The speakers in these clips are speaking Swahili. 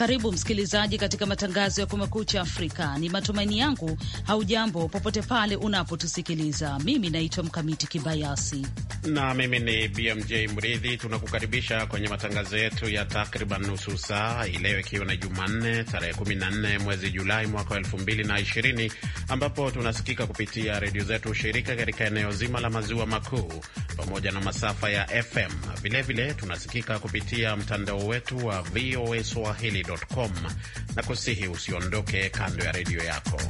Karibu msikilizaji katika matangazo ya Kumekucha Afrika. Ni matumaini yangu haujambo popote pale unapotusikiliza. Mimi naitwa Mkamiti Kibayasi na mimi ni BMJ Mridhi. Tunakukaribisha kwenye matangazo yetu ya takriban nusu saa ileo, ikiwa na Jumanne tarehe 14 mwezi Julai mwaka 220 ambapo tunasikika kupitia redio zetu shirika katika eneo zima la maziwa makuu pamoja na masafa ya FM Vilevile tunasikika kupitia mtandao wetu wa VOA swahili.com na kusihi usiondoke kando ya redio yako.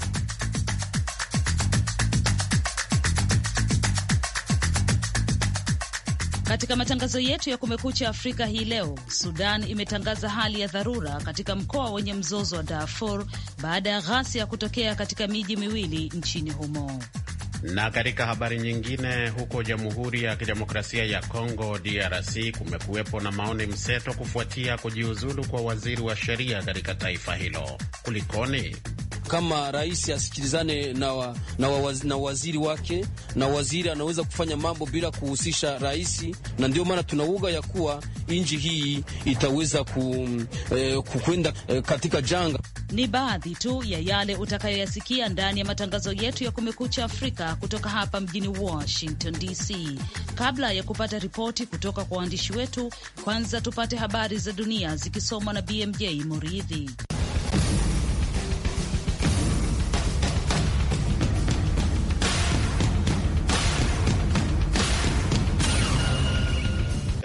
Katika matangazo yetu ya Kumekucha Afrika hii leo, Sudan imetangaza hali ya dharura katika mkoa wenye mzozo wa Darfur baada ya ghasia kutokea katika miji miwili nchini humo. Na katika habari nyingine, huko Jamhuri ya Kidemokrasia ya Kongo DRC kumekuwepo na maoni mseto kufuatia kujiuzulu kwa waziri wa sheria katika taifa hilo. Kulikoni? kama rais asikilizane na, wa, na, wa, na waziri wake, na waziri anaweza kufanya mambo bila kuhusisha rais, na ndio maana tunauga ya kuwa nchi hii itaweza ku, eh, kukwenda eh, katika janga. Ni baadhi tu ya yale utakayoyasikia ndani ya matangazo yetu ya Kumekucha Afrika kutoka hapa mjini Washington DC. Kabla ya kupata ripoti kutoka kwa waandishi wetu, kwanza tupate habari za dunia zikisomwa na BMJ Muridhi.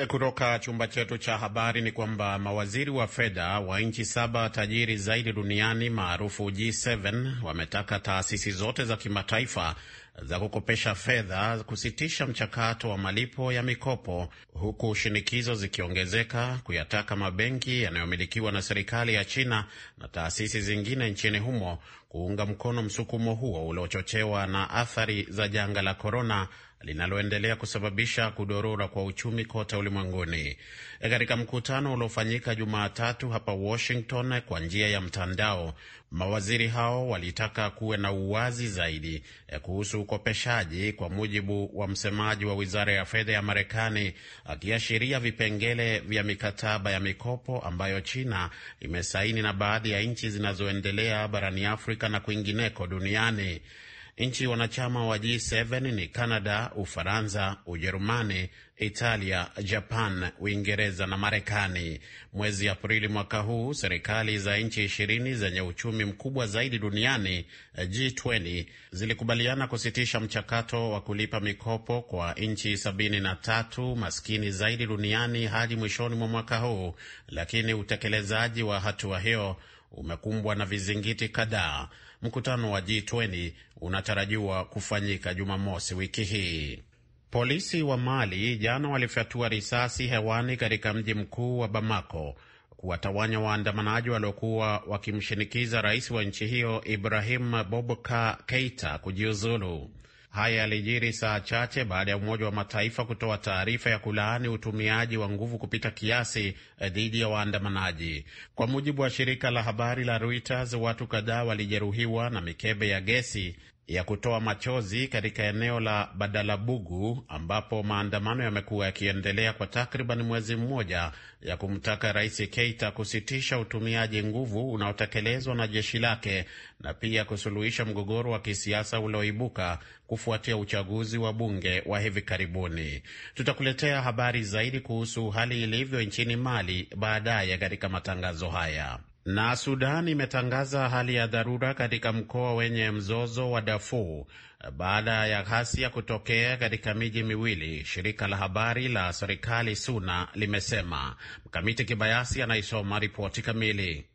Eh, kutoka chumba chetu cha habari ni kwamba mawaziri wa fedha wa nchi saba tajiri zaidi duniani maarufu G7 wametaka taasisi zote za kimataifa za kukopesha fedha kusitisha mchakato wa malipo ya mikopo, huku shinikizo zikiongezeka kuyataka mabenki yanayomilikiwa na serikali ya China na taasisi zingine nchini humo kuunga mkono msukumo huo uliochochewa na athari za janga la korona linaloendelea kusababisha kudorora kwa uchumi kote ulimwenguni. E, katika mkutano uliofanyika Jumatatu hapa Washington kwa njia ya mtandao, mawaziri hao walitaka kuwe na uwazi zaidi e, kuhusu ukopeshaji, kwa mujibu wa msemaji wa wizara ya fedha ya Marekani, akiashiria vipengele vya mikataba ya mikopo ambayo China imesaini na baadhi ya nchi zinazoendelea barani Afrika na kwingineko duniani. Nchi wanachama wa G7 ni Canada, Ufaransa, Ujerumani, Italia, Japan, Uingereza na Marekani. Mwezi Aprili mwaka huu, serikali za nchi ishirini zenye uchumi mkubwa zaidi duniani G20 zilikubaliana kusitisha mchakato wa kulipa mikopo kwa nchi sabini na tatu maskini zaidi duniani hadi mwishoni mwa mwaka huu, lakini utekelezaji wa hatua hiyo umekumbwa na vizingiti kadhaa. Mkutano wa G20 unatarajiwa kufanyika Jumamosi wiki hii. Polisi wa Mali jana walifyatua risasi hewani katika mji mkuu wa Bamako kuwatawanya waandamanaji waliokuwa wakimshinikiza rais wa nchi hiyo Ibrahim Bobka Keita kujiuzulu. Haya yalijiri saa chache baada ya Umoja wa Mataifa kutoa taarifa ya kulaani utumiaji wa nguvu kupita kiasi eh, dhidi ya waandamanaji. Kwa mujibu wa shirika la habari la Reuters, watu kadhaa walijeruhiwa na mikebe ya gesi ya kutoa machozi katika eneo la Badalabugu ambapo maandamano yamekuwa yakiendelea kwa takriban mwezi mmoja ya kumtaka Rais Keita kusitisha utumiaji nguvu unaotekelezwa na jeshi lake na pia kusuluhisha mgogoro wa kisiasa ulioibuka kufuatia uchaguzi wa bunge wa hivi karibuni. Tutakuletea habari zaidi kuhusu hali ilivyo nchini Mali baadaye katika matangazo haya. Na Sudan imetangaza hali ya dharura katika mkoa wenye mzozo wa Darfur baada ya ghasia kutokea katika miji miwili, shirika la habari la serikali SUNA limesema. Mkamiti Kibayasi anaisoma ripoti kamili.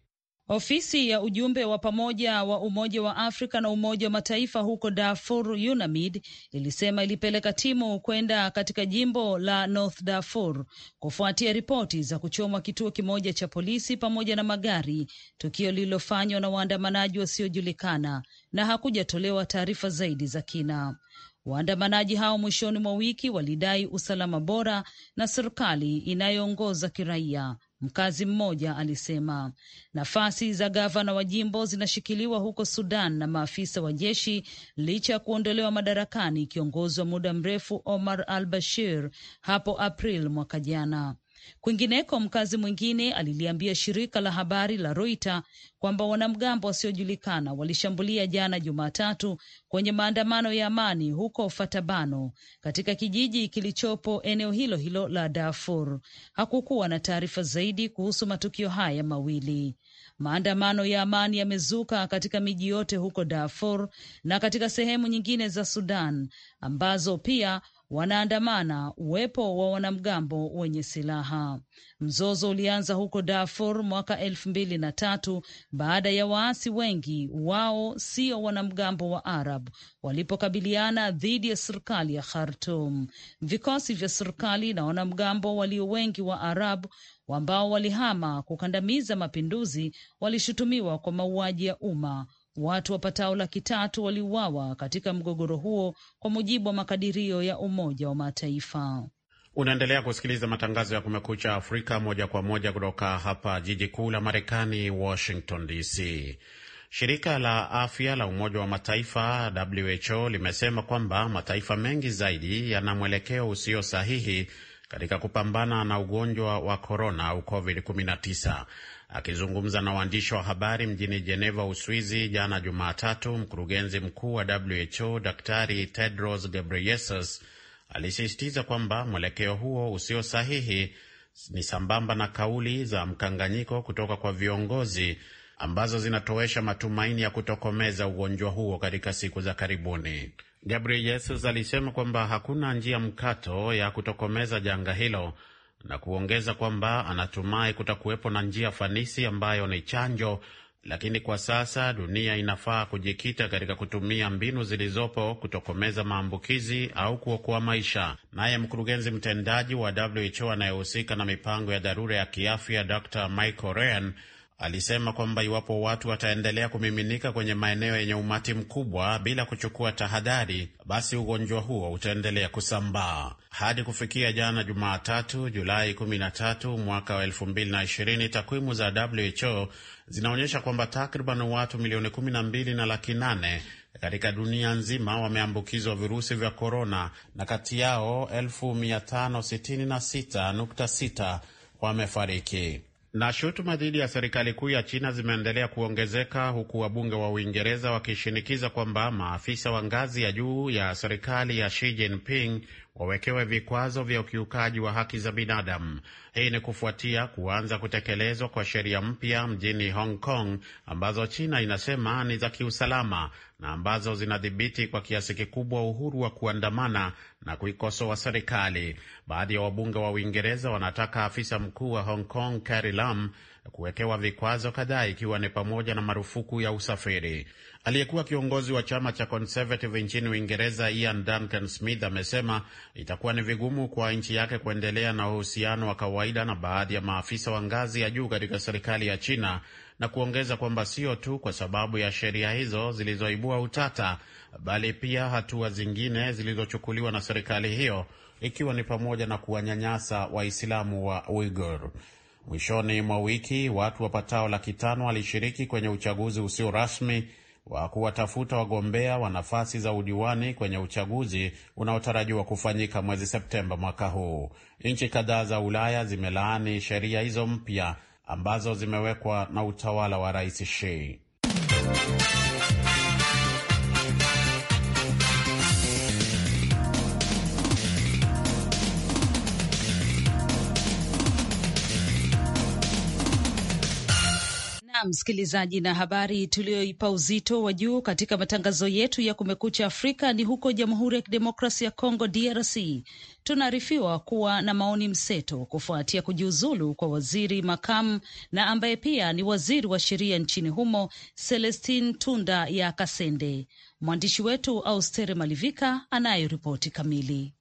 Ofisi ya ujumbe wa pamoja wa Umoja wa Afrika na Umoja wa Mataifa huko Darfur, UNAMID, ilisema ilipeleka timu kwenda katika jimbo la North Darfur kufuatia ripoti za kuchomwa kituo kimoja cha polisi pamoja na magari, tukio lililofanywa na waandamanaji wasiojulikana, na hakujatolewa taarifa zaidi za kina. Waandamanaji hao mwishoni mwa wiki walidai usalama bora na serikali inayoongoza kiraia Mkazi mmoja alisema nafasi za gavana wa jimbo zinashikiliwa huko Sudan na maafisa wa jeshi licha ya kuondolewa madarakani kiongozi wa muda mrefu Omar al Bashir hapo April mwaka jana. Kwingineko, mkazi mwingine aliliambia shirika la habari la Reuters kwamba wanamgambo wasiojulikana walishambulia jana Jumatatu kwenye maandamano ya amani huko Fatabano, katika kijiji kilichopo eneo hilo hilo la Darfur. Hakukuwa na taarifa zaidi kuhusu matukio haya mawili. Maandamano ya amani yamezuka katika miji yote huko Darfur na katika sehemu nyingine za Sudan ambazo pia wanaandamana uwepo wa wanamgambo wenye silaha. Mzozo ulianza huko Darfur mwaka elfu mbili na tatu baada ya waasi wengi, wao sio wanamgambo wa Arab, walipokabiliana dhidi ya serikali ya Khartum. Vikosi vya serikali na wanamgambo walio wengi wa Arab ambao walihama kukandamiza mapinduzi walishutumiwa kwa mauaji ya umma Watu wapatao laki tatu waliuawa katika mgogoro huo kwa mujibu wa makadirio ya Umoja wa Mataifa. Unaendelea kusikiliza matangazo ya Kumekucha Afrika moja kwa moja kutoka hapa jiji kuu la Marekani, Washington DC. Shirika la afya la Umoja wa Mataifa WHO limesema kwamba mataifa mengi zaidi yana mwelekeo usio sahihi katika kupambana na ugonjwa wa korona au COVID-19. Akizungumza na waandishi wa habari mjini Jeneva, Uswizi jana Jumatatu, mkurugenzi mkuu wa WHO Daktari Tedros Ghebreyesus alisisitiza kwamba mwelekeo huo usio sahihi ni sambamba na kauli za mkanganyiko kutoka kwa viongozi ambazo zinatoesha matumaini ya kutokomeza ugonjwa huo katika siku za karibuni. Yesus alisema kwamba hakuna njia mkato ya kutokomeza janga hilo na kuongeza kwamba anatumai kutakuwepo na njia fanisi ambayo ni chanjo, lakini kwa sasa dunia inafaa kujikita katika kutumia mbinu zilizopo kutokomeza maambukizi au kuokoa maisha. Naye mkurugenzi mtendaji wa WHO anayehusika na mipango ya dharura ya kiafya Dr Michael Ryan alisema kwamba iwapo watu wataendelea kumiminika kwenye maeneo yenye umati mkubwa bila kuchukua tahadhari, basi ugonjwa huo utaendelea kusambaa. Hadi kufikia jana Jumatatu, Julai 13 mwaka wa 2020, takwimu za WHO zinaonyesha kwamba takriban watu milioni 12 na laki 8 katika dunia nzima wameambukizwa virusi vya korona, na kati yao 566.6 wamefariki. Na shutuma dhidi ya serikali kuu ya China zimeendelea kuongezeka huku wabunge wa Uingereza wakishinikiza kwamba maafisa wa ngazi ya juu ya serikali ya Xi Jinping wawekewe vikwazo vya ukiukaji wa haki za binadamu. Hii ni kufuatia kuanza kutekelezwa kwa sheria mpya mjini Hong Kong ambazo China inasema ni za kiusalama na ambazo zinadhibiti kwa kiasi kikubwa uhuru wa kuandamana na kuikosoa serikali. Baadhi ya wabunge wa Uingereza wanataka afisa mkuu wa Hong Kong Carrie Lam kuwekewa vikwazo kadhaa ikiwa ni pamoja na marufuku ya usafiri. Aliyekuwa kiongozi wa chama cha Conservative nchini Uingereza Ian Duncan Smith amesema itakuwa ni vigumu kwa nchi yake kuendelea na uhusiano wa kawaida na baadhi ya maafisa wa ngazi ya juu katika serikali ya China na kuongeza kwamba sio tu kwa sababu ya sheria hizo zilizoibua utata, bali pia hatua zingine zilizochukuliwa na serikali hiyo, ikiwa ni pamoja na kuwanyanyasa Waislamu wa Uighur. Mwishoni mwa wiki watu wapatao laki tano walishiriki kwenye uchaguzi usio rasmi wa kuwatafuta wagombea wa nafasi za udiwani kwenye uchaguzi unaotarajiwa kufanyika mwezi Septemba mwaka huu. Nchi kadhaa za Ulaya zimelaani sheria hizo mpya ambazo zimewekwa na utawala wa Rais Shein. sana msikilizaji, na habari tuliyoipa uzito wa juu katika matangazo yetu ya Kumekucha Afrika ni huko Jamhuri ya Kidemokrasia ya Kongo, DRC. Tunaarifiwa kuwa na maoni mseto kufuatia kujiuzulu kwa waziri makamu na ambaye pia ni waziri wa sheria nchini humo, Celestin Tunda ya Kasende. Mwandishi wetu Austere Malivika anayo ripoti kamili.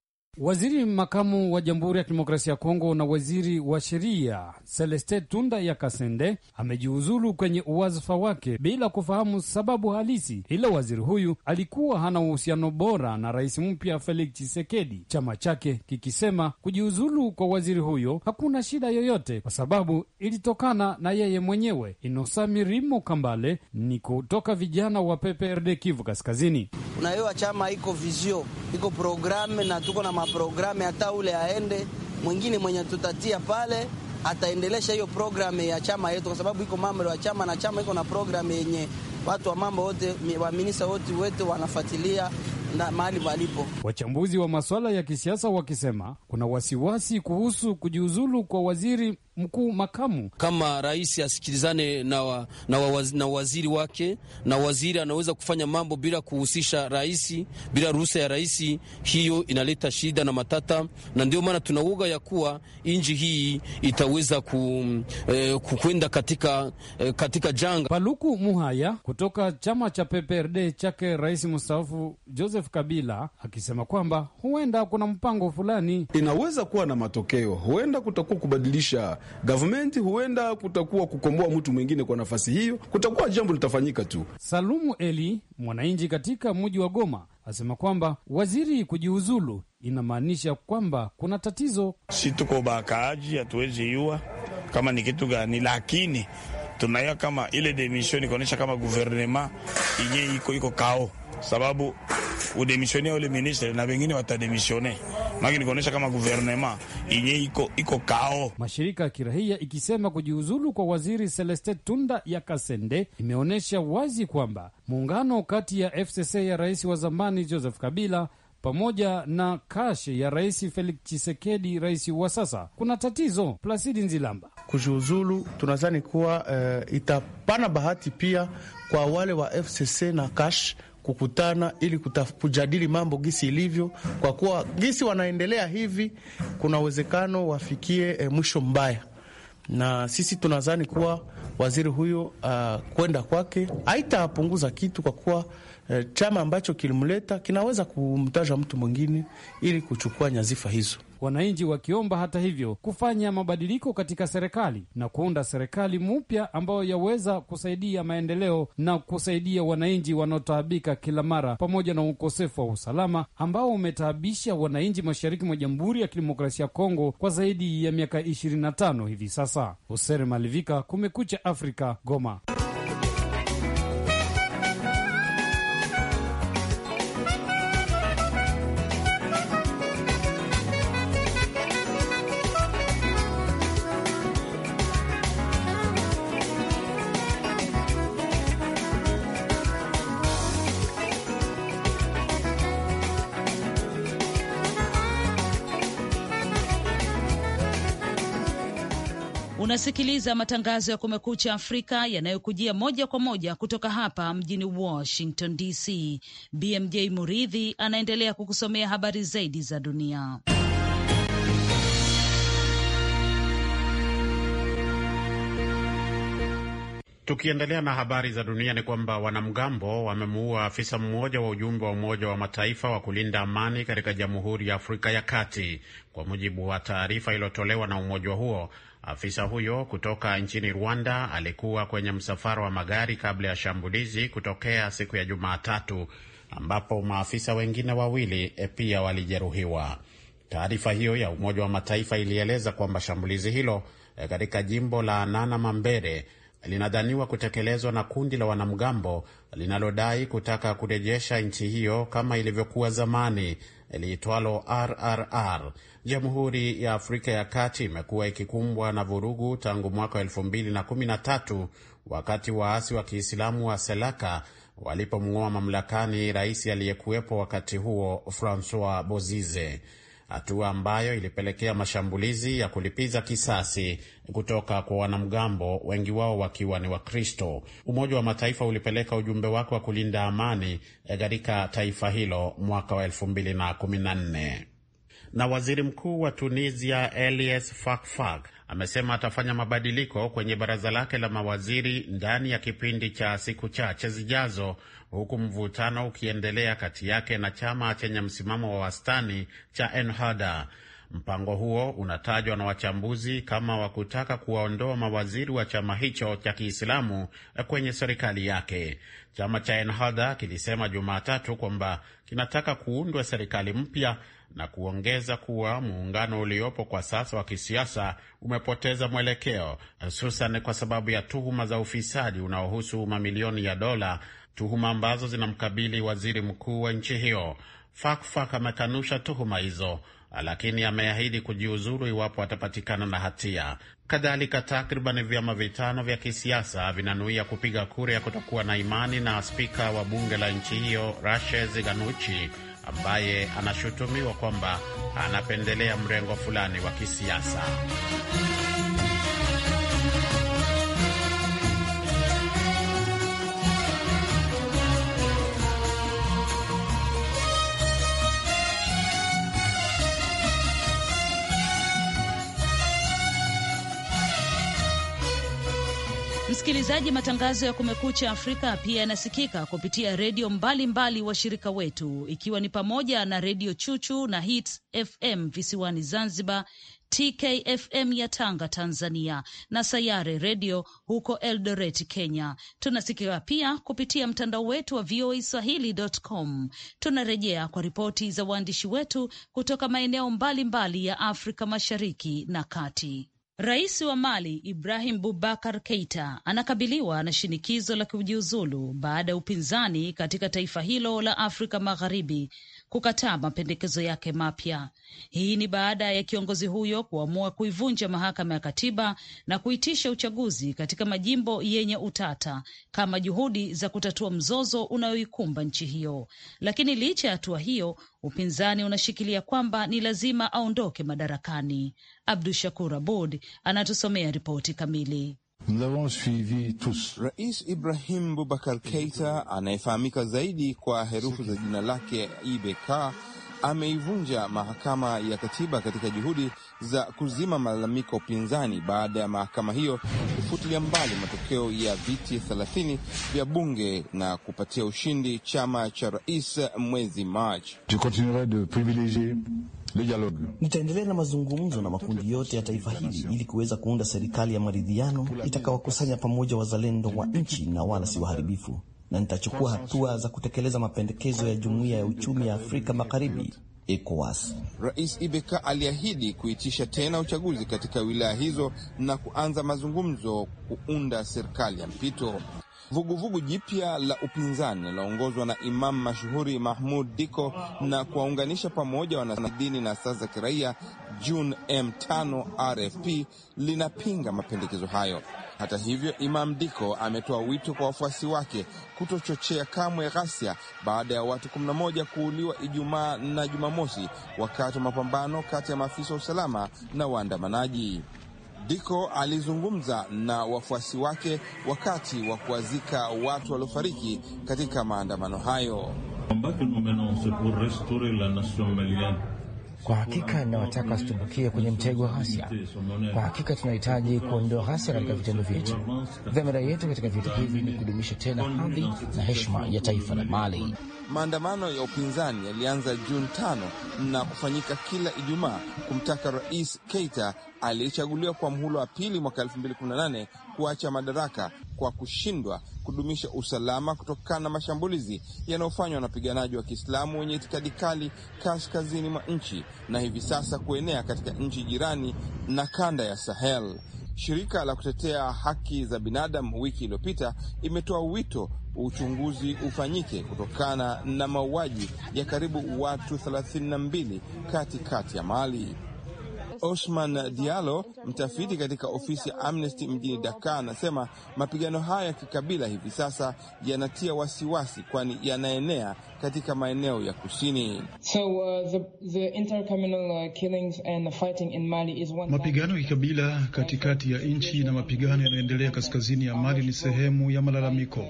Waziri makamu wa Jamhuri ya Kidemokrasia ya Kongo na waziri wa sheria Celeste Tunda ya Kasende amejiuzulu kwenye uwazifa wake bila kufahamu sababu halisi, ila waziri huyu alikuwa hana uhusiano bora na rais mpya Felix chisekedi chama chake kikisema kujiuzulu kwa waziri huyo hakuna shida yoyote, kwa sababu ilitokana na yeye mwenyewe. Inosamirimo Kambale ni kutoka vijana wa PPRD Kivu Kaskazini. Unayowa chama iko vizio iko programe na tuko na maprograme, hata ule aende mwingine mwenye tutatia pale ataendelesha hiyo programu ya chama yetu, kwa sababu iko mambo ya chama na chama iko na programu yenye watu wa mambo wote wa wote wote wanafuatilia na mahali walipo. Wachambuzi wa masuala ya kisiasa wakisema kuna wasiwasi kuhusu kujiuzulu kwa waziri mkuu makamu. Kama rais asikilizane na, wa, na, wa, na waziri wake, na waziri anaweza kufanya mambo bila kuhusisha rais, bila ruhusa ya rais. Hiyo inaleta shida na matata, na ndio maana tuna uga ya kuwa nchi hii itaweza ku, eh, kukwenda katika, eh, katika janga. Paluku Muhaya kutoka chama cha PPRD chake rais mstaafu Joseph Joseph Kabila akisema kwamba huenda kuna mpango fulani inaweza kuwa na matokeo, huenda kutakuwa kubadilisha gavumenti, huenda kutakuwa kukomboa mtu mwingine kwa nafasi hiyo, kutakuwa jambo litafanyika tu. Salumu Eli, mwananchi katika mji wa Goma, asema kwamba waziri kujiuzulu inamaanisha kwamba kuna tatizo. Si tuko bakaaji, hatuwezi yua kama ni kitu gani, lakini tunaya kama ile demission ikaonyesha kama guvernema yenyewe iko iko kao sababu udemisionia ule ministre na wengine watademisione, maki nikuonyesha kama guvernema inye iko, iko kao. Mashirika ya kirahia ikisema kujiuzulu kwa waziri Celeste Tunda ya Kasende imeonyesha wazi kwamba muungano kati ya FCC ya rais wa zamani Joseph Kabila pamoja na kashe ya rais Felix Chisekedi, rais wa sasa, kuna tatizo. Plasidi Nzilamba kujiuzulu, tunazani kuwa uh, itapana bahati pia kwa wale wa FCC na kashe kukutana ili kutaf, kujadili mambo gisi ilivyo, kwa kuwa gisi wanaendelea hivi, kuna uwezekano wafikie e, mwisho mbaya, na sisi tunadhani kuwa waziri huyo uh, kwenda kwake haitapunguza kitu, kwa kuwa e, chama ambacho kilimleta kinaweza kumtaja mtu mwingine ili kuchukua nyazifa hizo wananchi wakiomba hata hivyo kufanya mabadiliko katika serikali na kuunda serikali mpya ambayo yaweza kusaidia maendeleo na kusaidia wananchi wanaotaabika kila mara, pamoja na ukosefu wa usalama ambao umetaabisha wananchi mashariki mwa Jamhuri ya Kidemokrasia ya Kongo kwa zaidi ya miaka 25 hivi sasa. Hoser Malivika, Kumekucha Afrika, Goma. Unasikiliza matangazo ya Kumekucha Afrika yanayokujia moja kwa moja kutoka hapa mjini Washington DC. BMJ Muridhi anaendelea kukusomea habari zaidi za dunia. Tukiendelea na habari za dunia ni kwamba wanamgambo wamemuua afisa mmoja wa ujumbe wa Umoja wa Mataifa wa kulinda amani katika Jamhuri ya Afrika ya Kati, kwa mujibu wa taarifa iliyotolewa na umoja huo Afisa huyo kutoka nchini Rwanda alikuwa kwenye msafara wa magari kabla ya shambulizi kutokea siku ya Jumatatu, ambapo maafisa wengine wawili eh, pia walijeruhiwa. Taarifa hiyo ya Umoja wa Mataifa ilieleza kwamba shambulizi hilo eh, katika jimbo la Nana Mambere linadhaniwa kutekelezwa na kundi la wanamgambo linalodai kutaka kurejesha nchi hiyo kama ilivyokuwa zamani liitwalo RRR. Jamhuri ya Afrika ya Kati imekuwa ikikumbwa na vurugu tangu mwaka tatu wakati waasi wa Kiislamu wa Selaka walipomng'oa mamlakani rais aliyekuwepo wakati huo Francois Bozize hatua ambayo ilipelekea mashambulizi ya kulipiza kisasi kutoka kwa wanamgambo, wengi wao wakiwa ni Wakristo. Umoja wa Mataifa ulipeleka ujumbe wake wa kulinda amani eh, katika taifa hilo mwaka wa mbili na waziri mkuu wa Tunisia Elias Fakfak amesema atafanya mabadiliko kwenye baraza lake la mawaziri ndani ya kipindi cha siku chache zijazo huku mvutano ukiendelea kati yake na chama chenye msimamo wa wastani cha Ennahda. Mpango huo unatajwa na wachambuzi kama wa kutaka kuwaondoa mawaziri wa chama hicho cha Kiislamu kwenye serikali yake. Chama cha Ennahda kilisema Jumatatu kwamba kinataka kuundwa serikali mpya na kuongeza kuwa muungano uliopo kwa sasa wa kisiasa umepoteza mwelekeo, hususan kwa sababu ya tuhuma za ufisadi unaohusu mamilioni ya dola tuhuma ambazo zinamkabili waziri mkuu wa nchi hiyo. Fakfak amekanusha tuhuma hizo, lakini ameahidi kujiuzuru iwapo atapatikana na hatia. Kadhalika, takriban vyama vitano vya kisiasa vinanuia kupiga kura ya kutokuwa na imani na spika wa bunge la nchi hiyo Rashes Ganuchi ambaye anashutumiwa kwamba anapendelea mrengo fulani wa kisiasa. Msikilizaji, matangazo ya Kumekucha Afrika pia yanasikika kupitia redio mbalimbali washirika wetu, ikiwa ni pamoja na Redio Chuchu na Hits FM visiwani Zanzibar, TKFM ya Tanga, Tanzania, na Sayare Redio huko Eldoret, Kenya. Tunasikika pia kupitia mtandao wetu wa VOA Swahili.com. Tunarejea kwa ripoti za waandishi wetu kutoka maeneo mbalimbali ya Afrika Mashariki na Kati. Rais wa Mali Ibrahim Bubakar Keita anakabiliwa na shinikizo la kujiuzulu baada ya upinzani katika taifa hilo la Afrika Magharibi kukataa mapendekezo yake mapya. Hii ni baada ya kiongozi huyo kuamua kuivunja mahakama ya katiba na kuitisha uchaguzi katika majimbo yenye utata kama juhudi za kutatua mzozo unayoikumba nchi hiyo. Lakini licha ya hatua hiyo, upinzani unashikilia kwamba ni lazima aondoke madarakani. Abdu Shakur Abud anatusomea ripoti kamili. Rais Ibrahim Boubacar Keita anayefahamika zaidi kwa herufi za jina lake IBK ameivunja mahakama ya katiba katika juhudi za kuzima malalamiko ya upinzani baada ya mahakama hiyo kufutilia mbali matokeo ya viti 30 vya bunge na kupatia ushindi chama cha rais mwezi Machi. Nitaendelea na mazungumzo na makundi yote ya taifa hili ili kuweza kuunda serikali ya maridhiano itakawakusanya pamoja wazalendo wa nchi na wala si waharibifu, na nitachukua hatua za kutekeleza mapendekezo ya Jumuiya ya Uchumi ya Afrika Magharibi, ECOWAS. Rais Ibeka aliahidi kuitisha tena uchaguzi katika wilaya hizo na kuanza mazungumzo kuunda serikali ya mpito. Vuguvugu jipya la upinzani linaloongozwa na Imam mashuhuri Mahmud Diko na kuwaunganisha pamoja wanadini na asasi za kiraia June M5 RFP linapinga mapendekezo hayo. Hata hivyo, Imam Diko ametoa wito kwa wafuasi wake kutochochea kamwe ghasia baada ya watu 11 kuuliwa Ijumaa na Jumamosi wakati wa mapambano kati ya maafisa wa usalama na waandamanaji. Diko alizungumza na wafuasi wake wakati wa kuwazika watu waliofariki katika maandamano hayo. Kwa hakika inawataka wasitumbukie kwenye mtego wa ghasia. Kwa hakika tunahitaji kuondoa ghasia katika vitendo vyetu. Dhamira yetu katika vita hivi ni kudumisha tena hadhi na heshima ya taifa la Mali. Maandamano ya upinzani yalianza Juni tano na kufanyika kila Ijumaa kumtaka Rais Keita aliyechaguliwa kwa mhula wa pili mwaka 2018 kuacha madaraka kwa kushindwa kudumisha usalama kutokana na mashambulizi yanayofanywa na wapiganaji wa Kiislamu wenye itikadi kali kaskazini mwa nchi na hivi sasa kuenea katika nchi jirani na kanda ya Sahel. Shirika la kutetea haki za binadamu wiki iliyopita imetoa wito uchunguzi ufanyike kutokana na mauaji ya karibu watu 32 katikati ya Mali. Osman Diallo, mtafiti katika ofisi ya Amnesty mjini Dakar, anasema mapigano haya ya kikabila hivi sasa yanatia wasiwasi, kwani yanaenea katika maeneo ya kusini. So, uh, the, the intercommunal uh, killings and the fighting in Mali is one... mapigano ya kikabila katikati ya nchi na mapigano yanayoendelea kaskazini ya Mali ni sehemu ya malalamiko,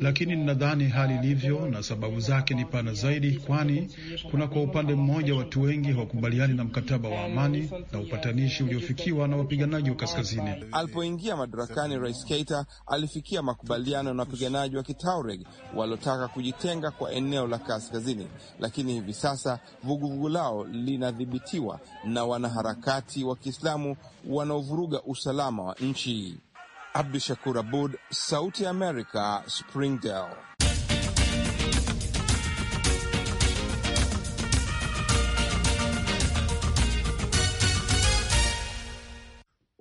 lakini ninadhani hali ilivyo na sababu zake ni pana zaidi, kwani kuna kwa upande mmoja watu wengi hawakubaliani na mkataba wa amani na upatanishi uliofikiwa na wapiganaji wa kaskazini. Alipoingia madarakani, Rais Keita alifikia makubaliano na wapiganaji wa Kitaureg waliotaka kujitenga kwa eneo la kaskazini, lakini hivi sasa vuguvugu lao linadhibitiwa na wanaharakati wa Kiislamu wanaovuruga usalama wa nchi. Abdu Shakur Abud, Sauti ya Amerika, Springdale.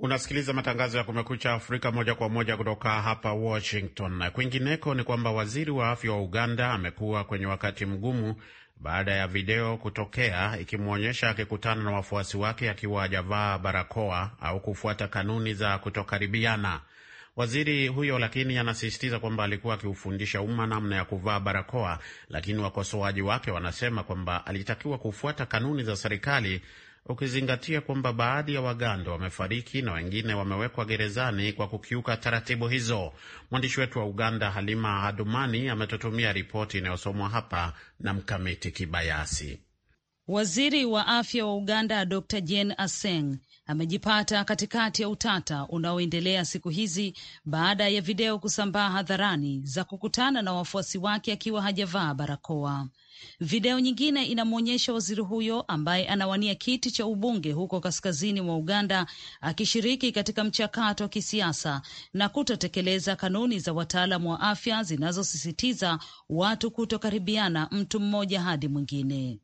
Unasikiliza matangazo ya Kumekucha Afrika moja kwa moja kutoka hapa Washington. Kwingineko ni kwamba waziri wa afya wa Uganda amekuwa kwenye wakati mgumu baada ya video kutokea ikimwonyesha akikutana na wafuasi wake akiwa hajavaa barakoa au kufuata kanuni za kutokaribiana. Waziri huyo lakini anasisitiza kwamba alikuwa akiufundisha umma namna ya kuvaa barakoa, lakini wakosoaji wake wanasema kwamba alitakiwa kufuata kanuni za serikali ukizingatia kwamba baadhi ya Waganda wamefariki na wengine wamewekwa gerezani kwa kukiuka taratibu hizo. Mwandishi wetu wa Uganda, Halima Hadumani, ametutumia ripoti inayosomwa hapa na Mkamiti Kibayasi. Waziri wa afya wa Uganda Dr Jane Aseng amejipata katikati ya utata unaoendelea siku hizi baada ya video kusambaa hadharani za kukutana na wafuasi wake akiwa hajavaa barakoa. Video nyingine inamwonyesha waziri huyo ambaye anawania kiti cha ubunge huko kaskazini mwa Uganda akishiriki katika mchakato wa kisiasa na kutotekeleza kanuni za wataalamu wa afya zinazosisitiza watu kutokaribiana mtu mmoja hadi mwingine.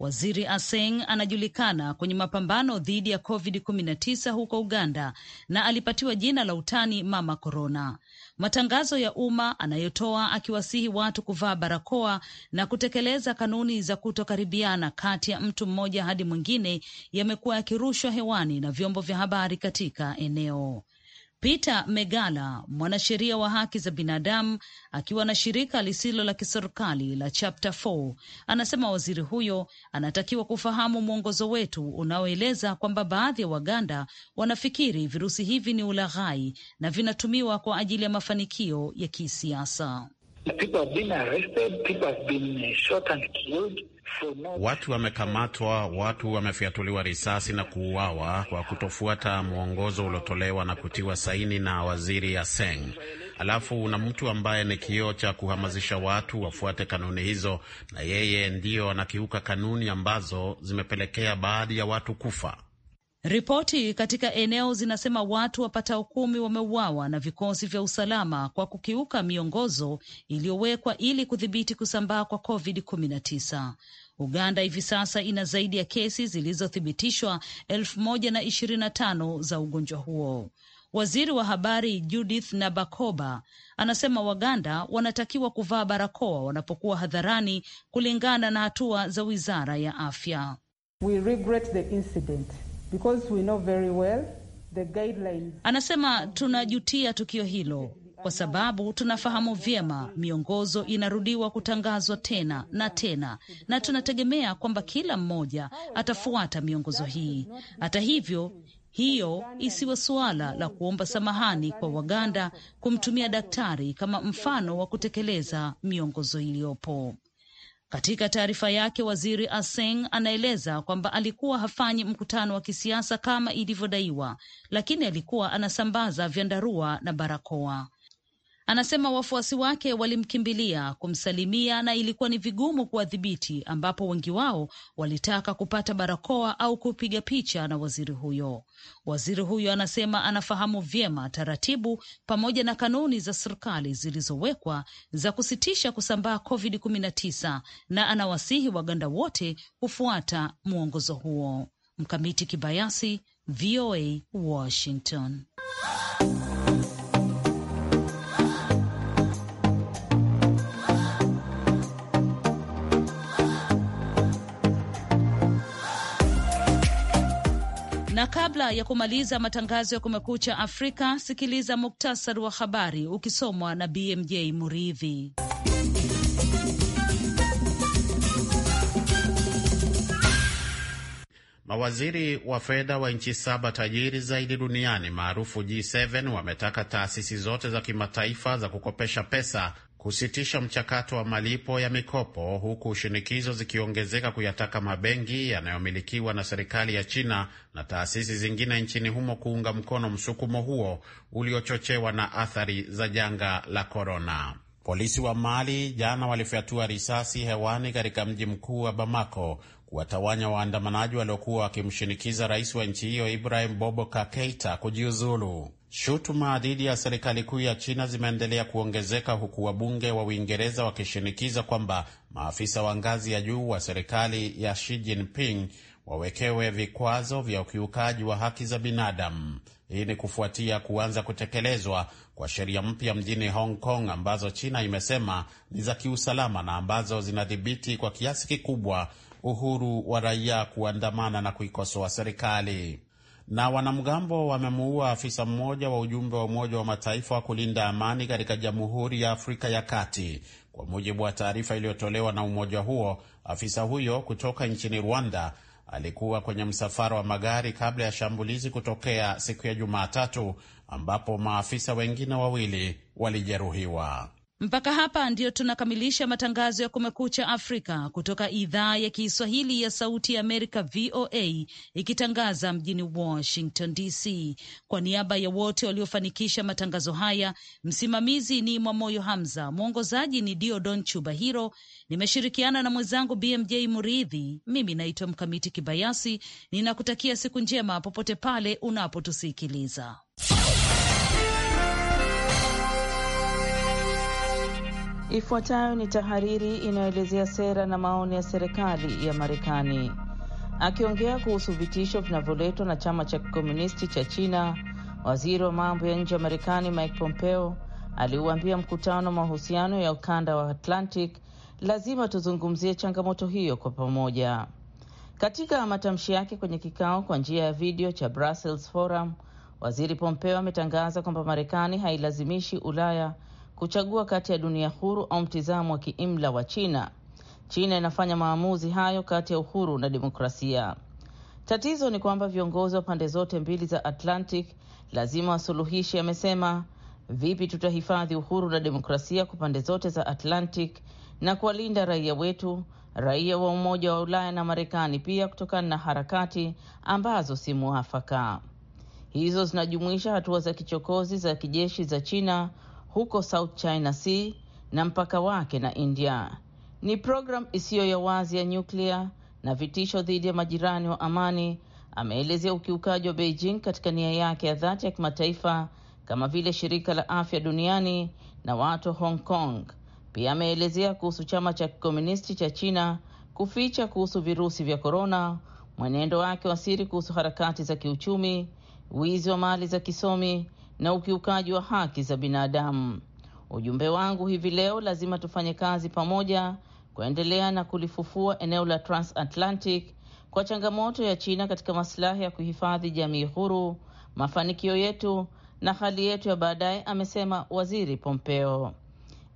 Waziri Aseng anajulikana kwenye mapambano dhidi ya COVID-19 huko Uganda na alipatiwa jina la utani Mama Corona. Matangazo ya umma anayotoa akiwasihi watu kuvaa barakoa na kutekeleza kanuni za kutokaribiana kati ya mtu mmoja hadi mwingine yamekuwa yakirushwa hewani na vyombo vya habari katika eneo Peter Megala, mwanasheria wa haki za binadamu akiwa na shirika lisilo la kiserikali la Chapter 4, anasema waziri huyo anatakiwa kufahamu mwongozo wetu unaoeleza kwamba baadhi ya Waganda wanafikiri virusi hivi ni ulaghai na vinatumiwa kwa ajili ya mafanikio ya kisiasa. Uh, watu wamekamatwa, watu wamefyatuliwa risasi na kuuawa kwa kutofuata mwongozo uliotolewa na kutiwa saini na waziri Aseng. Alafu una mtu ambaye ni kioo cha kuhamasisha watu wafuate kanuni hizo, na yeye ndiyo anakiuka kanuni ambazo zimepelekea baadhi ya watu kufa. Ripoti katika eneo zinasema watu wapatao kumi wameuawa na vikosi vya usalama kwa kukiuka miongozo iliyowekwa ili kudhibiti kusambaa kwa COVID-19. Uganda hivi sasa ina zaidi ya kesi zilizothibitishwa elfu moja na ishirini na tano za ugonjwa huo. Waziri wa habari Judith Nabakoba anasema Waganda wanatakiwa kuvaa barakoa wanapokuwa hadharani kulingana na hatua za wizara ya afya. We regret the incident. Because we know very well the guidelines. Anasema tunajutia tukio hilo kwa sababu tunafahamu vyema miongozo inarudiwa kutangazwa tena na tena, na tunategemea kwamba kila mmoja atafuata miongozo hii. Hata hivyo hiyo isiwe suala la kuomba samahani kwa Waganda kumtumia daktari kama mfano wa kutekeleza miongozo iliyopo. Katika taarifa yake, waziri Aseng anaeleza kwamba alikuwa hafanyi mkutano wa kisiasa kama ilivyodaiwa, lakini alikuwa anasambaza vyandarua na barakoa. Anasema wafuasi wake walimkimbilia kumsalimia na ilikuwa ni vigumu kuwadhibiti, ambapo wengi wao walitaka kupata barakoa au kupiga picha na waziri huyo. Waziri huyo anasema anafahamu vyema taratibu pamoja na kanuni za serikali zilizowekwa za kusitisha kusambaa COVID-19 na anawasihi Waganda wote kufuata mwongozo huo. Mkamiti Kibayasi, VOA, Washington. Na kabla ya kumaliza matangazo ya Kumekucha Afrika, sikiliza muktasari wa habari ukisomwa na BMJ Muridhi. Mawaziri wa fedha wa nchi saba tajiri zaidi duniani maarufu G7 wametaka taasisi zote za kimataifa za kukopesha pesa kusitisha mchakato wa malipo ya mikopo huku shinikizo zikiongezeka kuyataka mabenki yanayomilikiwa na serikali ya China na taasisi zingine nchini humo kuunga mkono msukumo huo uliochochewa na athari za janga la korona. Polisi wa Mali jana walifyatua risasi hewani katika mji mkuu wa Bamako kuwatawanya waandamanaji waliokuwa wakimshinikiza rais wa nchi hiyo Ibrahim Bobo Keita kujiuzulu. Shutuma dhidi ya serikali kuu ya China zimeendelea kuongezeka huku wabunge wa Uingereza wakishinikiza kwamba maafisa wa ngazi ya juu wa serikali ya Xi Jinping wawekewe vikwazo vya ukiukaji wa haki za binadamu. Hii ni kufuatia kuanza kutekelezwa kwa sheria mpya mjini Hong Kong ambazo China imesema ni za kiusalama na ambazo zinadhibiti kwa kiasi kikubwa uhuru wa raia kuandamana na kuikosoa serikali. Na wanamgambo wamemuua afisa mmoja wa ujumbe wa Umoja wa Mataifa wa kulinda amani katika Jamhuri ya Afrika ya Kati, kwa mujibu wa taarifa iliyotolewa na umoja huo. Afisa huyo kutoka nchini Rwanda alikuwa kwenye msafara wa magari kabla ya shambulizi kutokea siku ya Jumatatu, ambapo maafisa wengine wawili walijeruhiwa. Mpaka hapa ndiyo tunakamilisha matangazo ya Kumekucha Afrika kutoka idhaa ya Kiswahili ya Sauti ya Amerika, VOA, ikitangaza mjini Washington DC. Kwa niaba ya wote waliofanikisha matangazo haya, msimamizi ni Mwamoyo Hamza, mwongozaji ni Diodon Chubahiro. Nimeshirikiana na mwenzangu BMJ Muridhi. Mimi naitwa Mkamiti Kibayasi, ninakutakia siku njema popote pale unapotusikiliza. Ifuatayo ni tahariri inayoelezea sera na maoni ya serikali ya Marekani. Akiongea kuhusu vitisho vinavyoletwa na chama cha kikomunisti cha China, waziri wa mambo ya nje wa Marekani Mike Pompeo aliuambia mkutano wa mahusiano ya ukanda wa Atlantic, lazima tuzungumzie changamoto hiyo kwa pamoja. Katika matamshi yake kwenye kikao kwa njia ya video cha Brussels Forum, waziri Pompeo ametangaza kwamba Marekani hailazimishi Ulaya kuchagua kati ya dunia huru au mtizamo wa kiimla wa China. China inafanya maamuzi hayo kati ya uhuru na demokrasia. Tatizo ni kwamba viongozi wa pande zote mbili za Atlantic lazima wasuluhishi, amesema. Vipi tutahifadhi uhuru na demokrasia kwa pande zote za Atlantic na kuwalinda raia wetu, raia wa Umoja wa Ulaya na Marekani pia, kutokana na harakati ambazo si muafaka. Hizo zinajumuisha hatua za kichokozi za kijeshi za China huko South China Sea na mpaka wake na India. Ni programu isiyo ya wazi ya nyuklia na vitisho dhidi ya majirani wa amani, ameelezea ukiukaji wa Beijing katika nia yake ya dhati ya kimataifa kama vile shirika la afya duniani na watu wa Hong Kong. Pia ameelezea kuhusu chama cha kikomunisti cha China kuficha kuhusu virusi vya korona, mwenendo wake wa siri kuhusu harakati za kiuchumi, wizi wa mali za kisomi na ukiukaji wa haki za binadamu. Ujumbe wangu hivi leo, lazima tufanye kazi pamoja kuendelea na kulifufua eneo la transatlantic kwa changamoto ya China katika masilahi ya kuhifadhi jamii huru, mafanikio yetu na hali yetu ya baadaye, amesema Waziri Pompeo.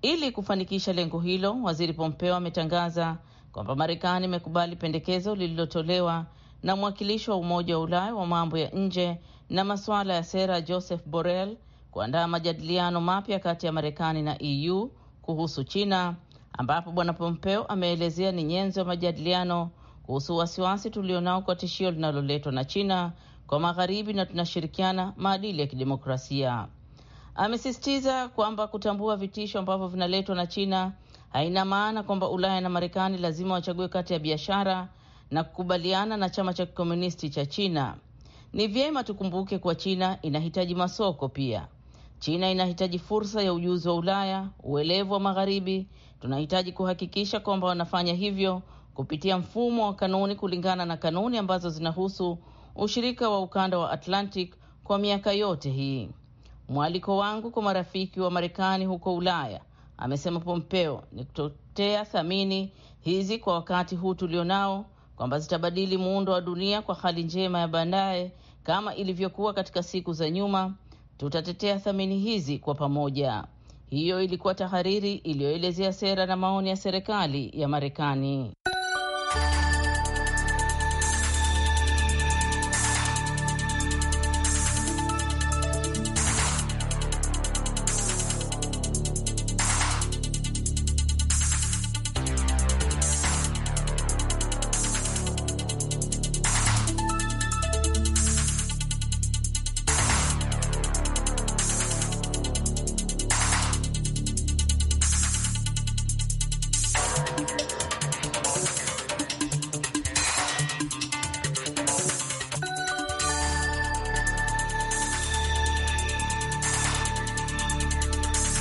Ili kufanikisha lengo hilo, Waziri Pompeo ametangaza kwamba Marekani imekubali pendekezo lililotolewa na mwakilishi wa Umoja wa Ulaya wa mambo ya nje na masuala ya sera Joseph Borrell kuandaa majadiliano mapya kati ya Marekani na EU kuhusu China, ambapo Bwana Pompeo ameelezea ni nyenzo ya majadiliano kuhusu wasiwasi tulionao kwa tishio linaloletwa na China kwa magharibi na tunashirikiana maadili ya kidemokrasia. Amesisitiza kwamba kutambua vitisho ambavyo vinaletwa na China haina maana kwamba Ulaya na Marekani lazima wachague kati ya biashara na kukubaliana na chama cha kikomunisti cha China. Ni vyema tukumbuke kuwa China inahitaji masoko pia. China inahitaji fursa ya ujuzi wa Ulaya, uelevu wa Magharibi. Tunahitaji kuhakikisha kwamba wanafanya hivyo kupitia mfumo wa kanuni kulingana na kanuni ambazo zinahusu ushirika wa ukanda wa Atlantic kwa miaka yote hii. Mwaliko wangu kwa marafiki wa Marekani huko Ulaya, amesema Pompeo, ni kutotea thamini hizi kwa wakati huu tulionao kwamba zitabadili muundo wa dunia kwa hali njema ya baadaye kama ilivyokuwa katika siku za nyuma. Tutatetea thamini hizi kwa pamoja. Hiyo ilikuwa tahariri iliyoelezea sera na maoni ya serikali ya Marekani.